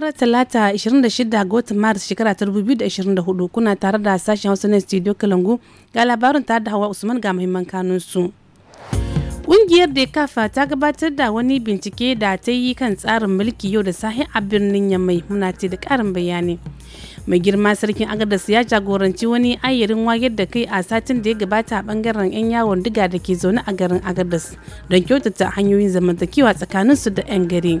ranar Talata 26 ga watan Maris shekara ta 2024 kuna tare da sashen Hausa na Studio Kalangu ga labarin tare da Hawa Usman ga muhimman kanunsu. Ƙungiyar Dekafa ta gabatar da wani bincike da ta yi kan tsarin mulki yau da sahi a birnin Yamai muna ce da karin bayani. Mai girma sarkin Agadas ya jagoranci wani ayyarin wayar da kai a satin da ya gabata a bangaren 'yan yawon diga da ke zaune a garin Agadas don kyautata hanyoyin zamantakewa tsakaninsu da 'yan gari.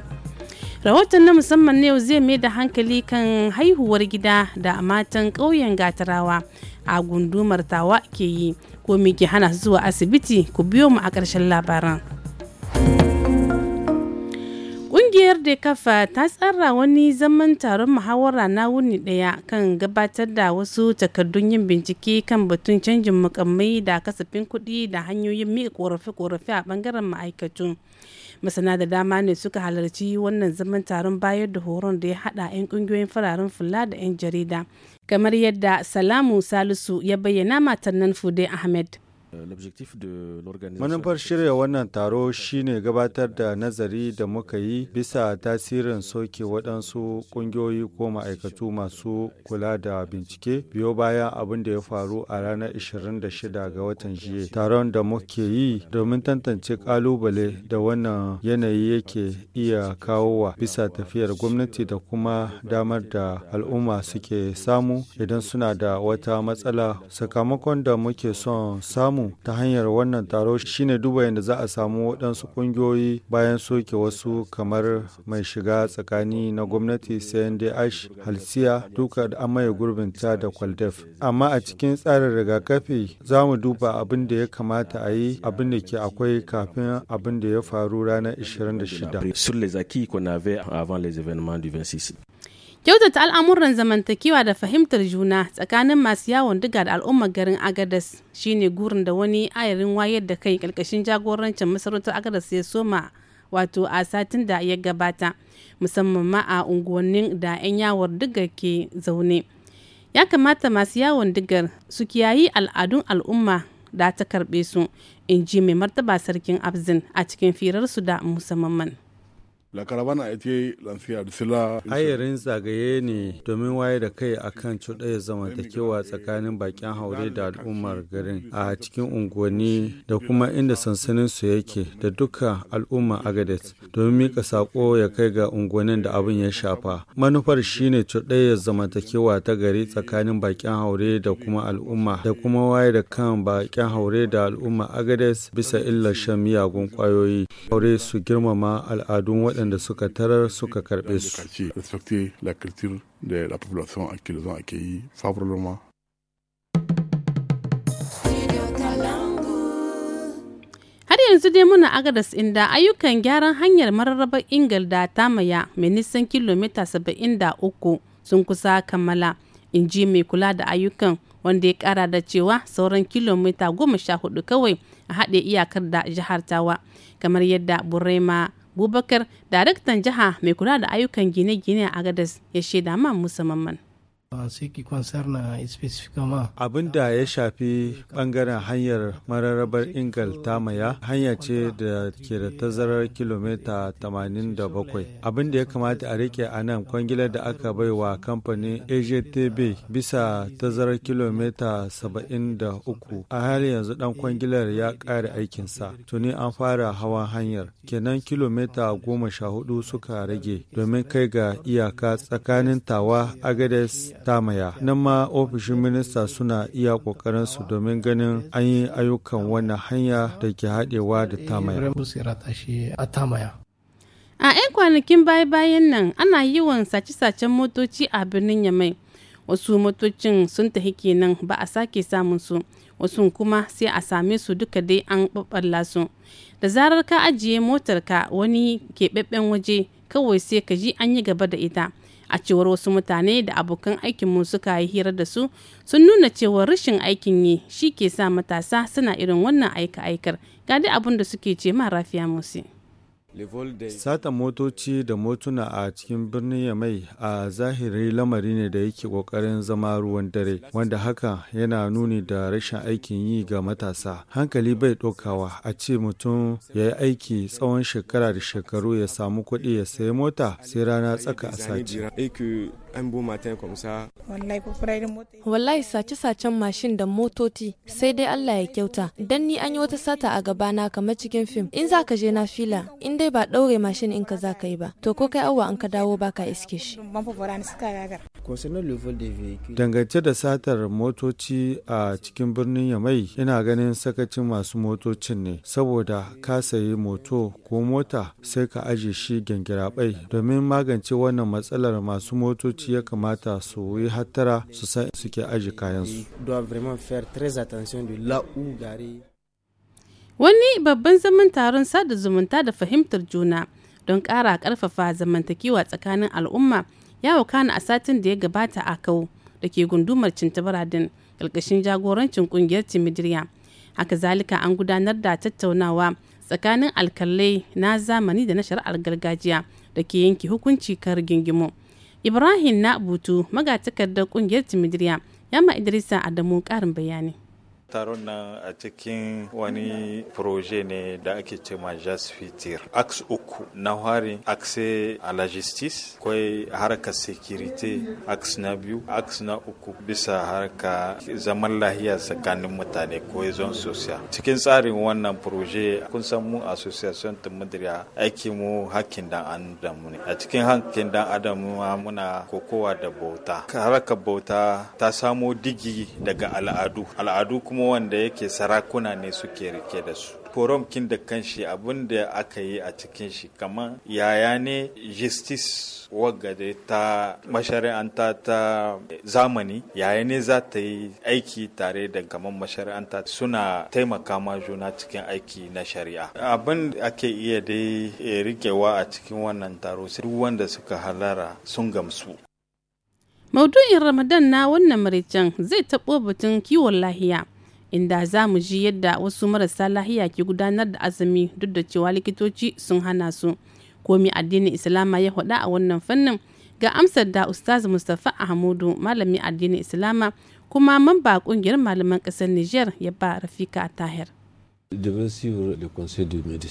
rahoton na musamman na yau zai mai da hankali kan haihuwar gida da matan ƙauyen gatarawa a gundumar tawa ke yi ko ke hana zuwa asibiti ku biyo mu a ƙarshen labaran ƙungiyar da kafa ta tsara wani zaman taron muhawara na wuni daya kan gabatar da wasu takardun yin bincike kan batun canjin mukammai da kasafin kuɗi da hanyoyin miƙa ƙorafe-ƙorafe a ɓangaren ma'aikatu masana da dama ne suka halarci wannan zaman taron bayar da horon da ya hada 'yan kungiyoyin fararen fula da 'yan jarida kamar yadda salamu salisu ya bayyana matar nan fude ahmed Euh, Manufar shirya wannan taro shine gabatar da nazari da muka yi bisa tasirin soke waɗansu ƙungiyoyi ko ma'aikatu masu kula da bincike biyo bayan abin da ya faru a ranar 26 ga watan jiya. Taron da muke yi domin tantance ƙalubale da wannan yanayi yake iya kawowa bisa tafiyar gwamnati da kuma damar da al'umma suke samu idan suna da wata matsala sakamakon da muke son samu samu ta hanyar wannan taro shine duba yadda za a samu waɗansu ƙungiyoyi bayan soke wasu kamar mai shiga tsakani na gwamnati CNDH, Halsiya, duka da gurbin ta da Kwaldef. Amma a cikin tsarin rigakafi za mu duba abin da ya kamata a yi abin da ke akwai kafin abin da ya faru ranar 26. Kyautata al'amuran zamantakewa da fahimtar juna tsakanin masu yawon diga da al'ummar garin Agadas shine gurin da wani ayarin wayar da kai ƙarƙashin jagorancin masarautar Agadas ya soma wato a satin da ya gabata musamman ma a unguwannin da 'yan yawon diga ke zaune ya kamata masu yawon digar su kiyayi al'adun al'umma da ta karbe su in ji mai martaba sarkin abzin a cikin firarsu da musamman La karabana a ce Ayarin zagaye ne domin waye da kai akan cuɗaya zamantakewa tsakanin bakin haure da al'ummar garin a cikin unguwanni da kuma inda sansanin su yake da duka al'umma agadet domin mika sako ya kai ga unguwannin da abin ya shafa. Manufar shine cuɗaya zamantakewa ta gari tsakanin bakin haure da kuma al'umma da kuma waye da kan bakin haure da al'umma agadet bisa illar shan miyagun kwayoyi. Haure su girmama al'adun waɗanda waɗanda suka tarar suka karɓe su. Har yanzu dai muna agadas inda ayyukan gyaran hanyar mararrabar Ingal da Tamaya mai nisan kilomita saba'in da uku sun kusa kammala, in ji mai kula da ayyukan wanda ya kara da cewa sauran kilomita goma sha hudu kawai a haɗe iyakar da jihar tawa kamar yadda burema Bubakar daraktan jiha mai kula da ayyukan gine-gine a gadas ya shaida ma musamman. abin da ya shafi bangaren hanyar mararrabar ingal maya hanya ce da ke da tazarar kilomita 87 abin da ya kamata a rike a nan kwangilar da aka bai wa kamfanin ajtb bisa tazarar kilomita 73 a hali yanzu dan kwangilar ya kare aikinsa tuni an fara hawan hanyar kenan kilomita 14 suka rage domin kai ga iyaka tsakanin tawa agades tamaya nan ma ofishin minista suna iya kokarin domin ganin an yi ayyukan wannan hanya da ke haɗewa da tamaya a 'yan kwanakin baya-bayan nan ana yi wa sace-sacen motoci a birnin yamai wasu motocin sun tafi kenan ba a sake samun su wasu kuma sai a same su duka dai an ɓaɓɓalla su da zarar ka ajiye motarka wani keɓaɓɓen waje kawai sai ka ji an yi gaba da ita a cewar wasu mutane da abokan aikinmu suka yi hira da su sun nuna cewa rashin aikin yi shi ke sa matasa suna irin wannan aika-aikar ga dai abin da suke ce ma rafiya musi. Sata motoci da motuna a cikin birnin Yamai a zahiri lamari ne da yake kokarin zama ruwan dare, wanda haka yana nuni da rashin aikin yi ga matasa. Hankali bai ɗaukawa a ce mutum ya yi aiki tsawon shekara da shekaru ya samu kuɗi ya sayi mota sai rana tsaka a sace. Wallahi sace-sacen mashin da motoci sai dai Allah ya kyauta. Dan ni an yi wata sata a gabana kamar cikin fim. In za ka je na fila, in dai kai ba ɗaure mashin in ka za ka yi ba to ko kai awa an ka dawo ba ka iske shi dangance da satar motoci a cikin birnin yamai ina ganin sakacin masu motocin ne saboda ka sayi moto ko mota sai ka aje shi gyangirabai domin magance wannan matsalar masu motoci ya kamata su yi hattara su san suke aje kayansu Wani babban zaman taron sada zumunta da fahimtar juna don kara ƙarfafa zamantakewa tsakanin al'umma ya wakana a satin da ya gabata a kawo da ke gundumar Cintabaradin ƙarƙashin jagorancin ƙungiyar Timidiriya. Haka zalika an gudanar da tattaunawa tsakanin alkalai na zamani da na shari'ar gargajiya da ke yanke hukunci kan gingimo. Ibrahim na butu magatakardar ƙungiyar Timidiriya ya ma Idrisa Adamu ƙarin bayani. taron nan a cikin wani proje ne da ake ce ma jasfitir ax uku na hari axe a la justice kwai harkar security ax na biyu ax na uku bisa harka zaman lahiya tsakanin mutane ko social cikin tsarin wannan proje kun san mu association tumudriya aiki mu hakkin dan adamu ne a cikin hakkin dan adamu muna kokowa da bauta harkar bauta ta samo digi daga al'adu al'adu kuma kuma wanda yake sarakuna ne suke rike da su forum kin da kanshi abin da aka yi a cikin shi kama yaya ne justice wagade ta mashari'anta ta zamani yaya ne za ta yi aiki tare da gaman mashari'anta suna taimaka ma juna cikin aiki na shari'a abin da ake iya dai eh, rikewa a cikin wannan taro duk wanda suka halara sun gamsu maudu'in ramadan na wannan maricin zai taɓo batun kiwon lahiya inda za mu ji yadda wasu marasa lahiya ke gudanar da azumi duk da cewa likitoci sun hana su komi addinin islama ya faɗa a wannan fannin ga amsar da ustaz mustapha ahmadu malami addinin islama kuma mamba kungiyar malaman ƙasar niger ya ba rafika tahir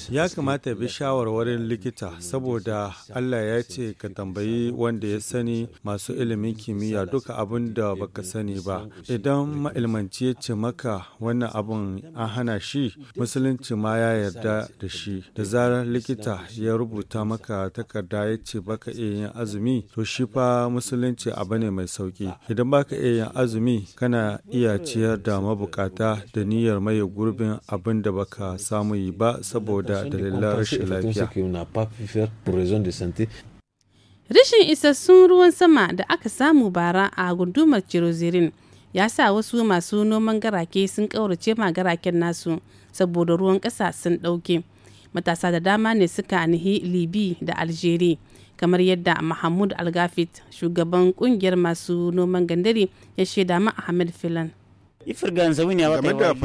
Ya kamata bi shawarwarin likita saboda Allah ya ce ka tambayi wanda ya sani masu ilimin kimiyya duka abin da baka sani ba. Idan ma'ilmanci ya ce maka wannan abin an hana shi, musulunci ma ya yarda da shi. Da zarar likita ya rubuta maka takarda ya ce baka iya yin azumi, to shi fa musulunci abu ne mai sauki. Idan baka iya yin azumi, kana iya ciyar da mabukata da niyyar maye gurbin abin da baka samu yi ba saboda dalilan rashin lafiya. Rashin isassun ruwan sama da aka samu bara a gundumar Cirozirin ya sa wasu masu noman garake sun ƙaurace ma garaken nasu saboda ruwan ƙasa sun ɗauke. Matasa da dama ne suka nihi Libi da aljeri kamar yadda Mahmud Algafit shugaban kungiyar masu noman gandari ya shaida ma Ahmed Filan. game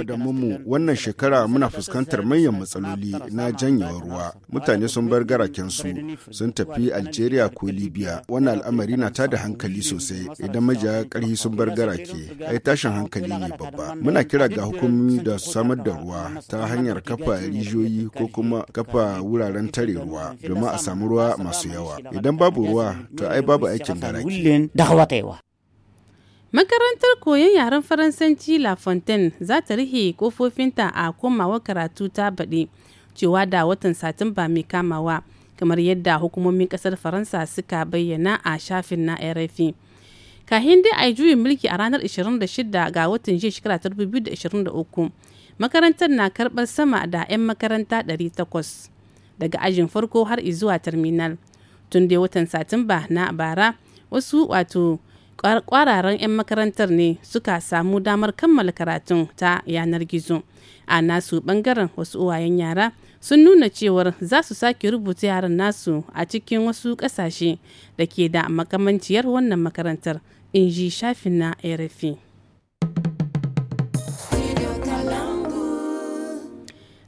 da mu wannan shekara muna fuskantar manyan matsaloli na janyewar ruwa mutane sun bar garaken su sun tafi algeria ko libya wannan al'amari na tada hankali sosai idan maja karhi sun bar garake ai tashin hankali ne babba muna kira ga hukumomi da su samar da ruwa ta hanyar kafa rijiyoyi ko kuma kafa wuraren tare ruwa domin a samu ruwa masu yawa idan babu ruwa to ai babu aikin garake Makarantar koyon yaren Faransanci La Fontaine za ta rufe kofofinta a komawa karatu ta baɗi cewa da watan Satumba mai kamawa, kamar yadda hukumomin ƙasar Faransa suka bayyana a shafin na RFI. Kahin dai a juyin mulki a ranar 26 ga watan jiya shekara 2023, makarantar na karɓar sama da 'yan makaranta 800 daga ajin farko har izuwa terminal. Tun dai watan Satumba na bara, wasu wato kwararren 'yan makarantar ne suka samu damar kammala karatun ta yanar gizo a nasu bangaren wasu uwayen yara sun nuna cewar za su sake rubuta yaran nasu a cikin wasu kasashe da ke da makamanciyar wannan makarantar in ji shafin na rfi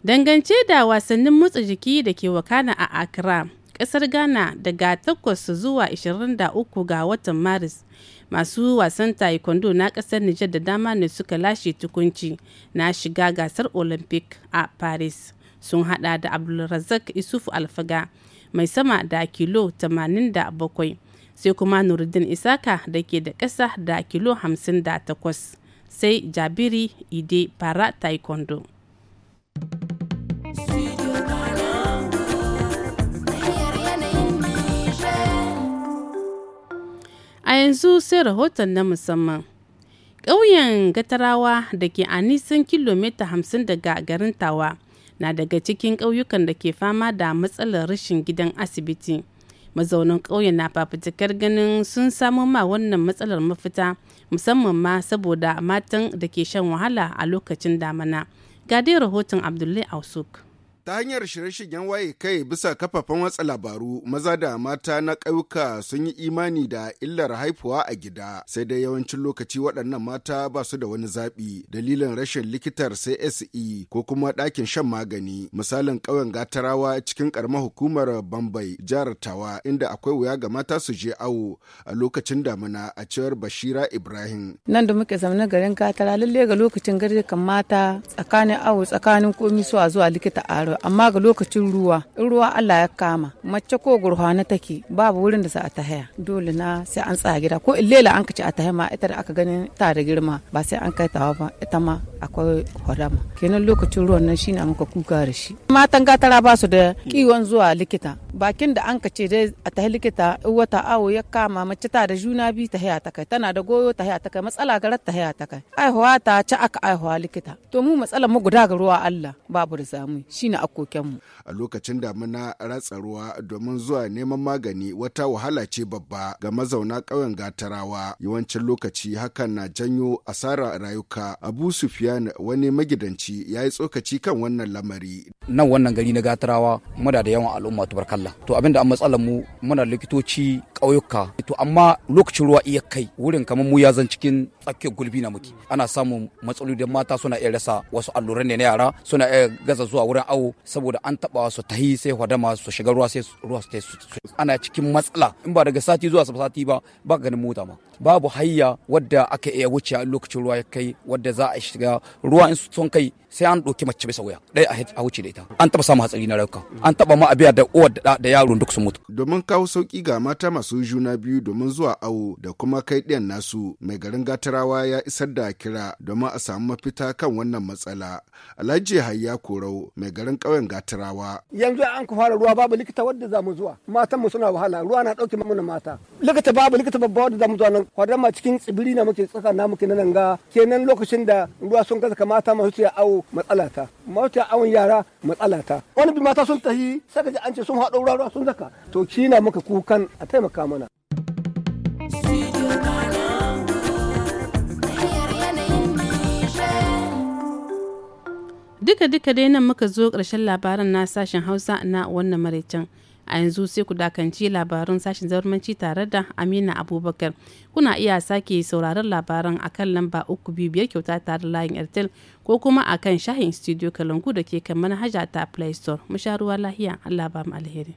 dangance da wasannin motsa jiki da ke wakana a accra kasar ghana daga 8 zuwa 23 ga watan maris masu wasan taekwondo na kasar nijar da dama ne suka lashe tukunci na shiga gasar olympic a paris sun hada da abdulrazak isufu alfaga mai sama da kilo 87 sai kuma nuruddin isaka da ke da kasa da kilo 58 sai jabiri ide para taekwondo. yanzu sai rahoton na musamman. Ƙauyen Gatarawa da ke a nisan kilomita hamsin daga garin Tawa na daga cikin ƙauyukan da ke fama da matsalar rashin gidan asibiti. mazaunin ƙauyen na fafutukar ganin sun samu ma wannan matsalar mafita musamman ma saboda matan da ke shan wahala a lokacin damana. Ga dai rahoton Abdullahi Ausuk. ta hanyar shirye-shiryen waye kai bisa kafafen watsa labaru maza da mata na ƙauka sun yi imani da illar haifuwa a gida sai dai yawancin lokaci waɗannan mata ba su da wani zaɓi dalilin rashin likitar CSE ko kuma ɗakin shan magani misalin ƙauyen gatarawa cikin ƙaramar hukumar Bambai jihar Tawa inda akwai wuya ga mata su je awo a lokacin damina a cewar Bashira Ibrahim nan da muke zamanin garin gatara lalle ga lokacin kan mata tsakanin awo tsakanin komi a zuwa likita aro amma ga lokacin ruwa in ruwa Allah ya kama mace ko gurhana take babu wurin da za a tahaya dole na sai an tsaya gida ko lela an kace a tahaya ma ita da aka ganin ta da girma ba sai an kai tawa ba ita ma akwai horama kenan lokacin ruwan nan shine muka kuka da shi matan gatara ba su da kiwon zuwa likita bakin da an kace dai a tahi likita wata awo ya kama mace ta da juna biyu ta haya ta kai tana da goyo ta haya ta kai matsala garar ta haya ta kai aihuwa ta ci aka aihuwa likita to mu matsalar mu guda ga ruwa Allah babu da zamu shine a kokenmu. A lokacin damina ratsa ruwa domin zuwa neman magani wata wahala ce babba ga mazauna ƙauyen Gatarawa yawancin lokaci hakan na janyo asara rayuka. Abu Sufyan wani magidanci ya yi tsokaci kan wannan lamari. Nan wannan gari na Gatarawa muna da yawan al'umma tubarkalla. To abinda an matsalar mu muna likitoci ƙauyuka. To amma lokacin ruwa iya kai wurin kamar mu ya zan cikin tsakiyar gulbi na muke. Ana samun matsaloli da mata suna iya rasa wasu alluran ne na yara suna iya gaza zuwa wurin awo saboda an taba su tahi sai hadama su shiga ruwa sai ruwa su ana cikin matsala in ba daga sati zuwa sati ba ba ganin mota ma babu hayya wadda aka iya wuce lokacin ruwa ya kai wadda za a shiga ruwa in sun kai sai an ɗauki mace bisa wuya ɗaya a wuce da ita an taɓa samu hatsari na rauka an taɓa ma abiya da uwar da da yaron duk sun mutu. domin kawo sauƙi ga mata masu juna biyu domin zuwa awo da kuma kai ɗiyan nasu mai garin gatarawa ya isar da kira domin a samu mafita kan wannan matsala alhaji hayya korau mai garin ƙauyen gatarawa. yanzu an ku fara ruwa babu likita wadda za mu zuwa matan mu suna wahala ruwa na ɗauke mana mata likita babu likita babba wadda za mu zuwa nan kwadar cikin tsibiri na muke tsaka na muke nan ga kenan lokacin da ruwa sun kasa kamata masu su awo matsala ta mata awon yara matsala ta wani bi mata sun tahi saka ji an ce sun haɗa wurara sun zaka to kina na muka kukan a taimaka mana duka duka dai nan muka zo ƙarshen labaran na sashen hausa na wannan maraicen a yanzu sai ku dakanci labarin sashen zarmanci tare da amina abubakar kuna iya sake sauraron labaran akan lamba uku biyu biyar kyauta tare layin airtel ko kuma akan shahin studio kalangu da ke kan manhaja ta play store mu lahiya allah ba mu alheri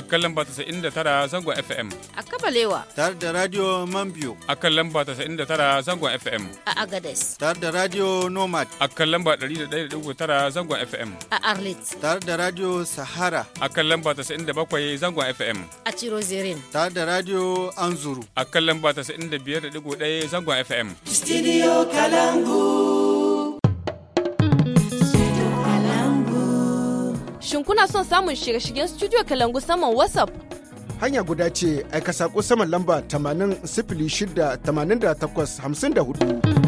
a kan lamba 99 zangon FM. A Kabalewa. Tare da Radio Mambio. A kan lamba 99 zangon FM. A Agades. Tare da Radio Nomad. A kan lamba 101.9 zangon FM. A Arlit. Tare da Radio Sahara. A kan lamba 97 zangon FM. A Chirozirin. Tare da Radio Anzuru. A kan lamba 95.1 zangon FM. Studio Kalangu. Shin kuna son samun shirye-shiryen Studio Kalangu saman WhatsApp? Hanya guda ce aika saƙo saman lamba 80 da 54.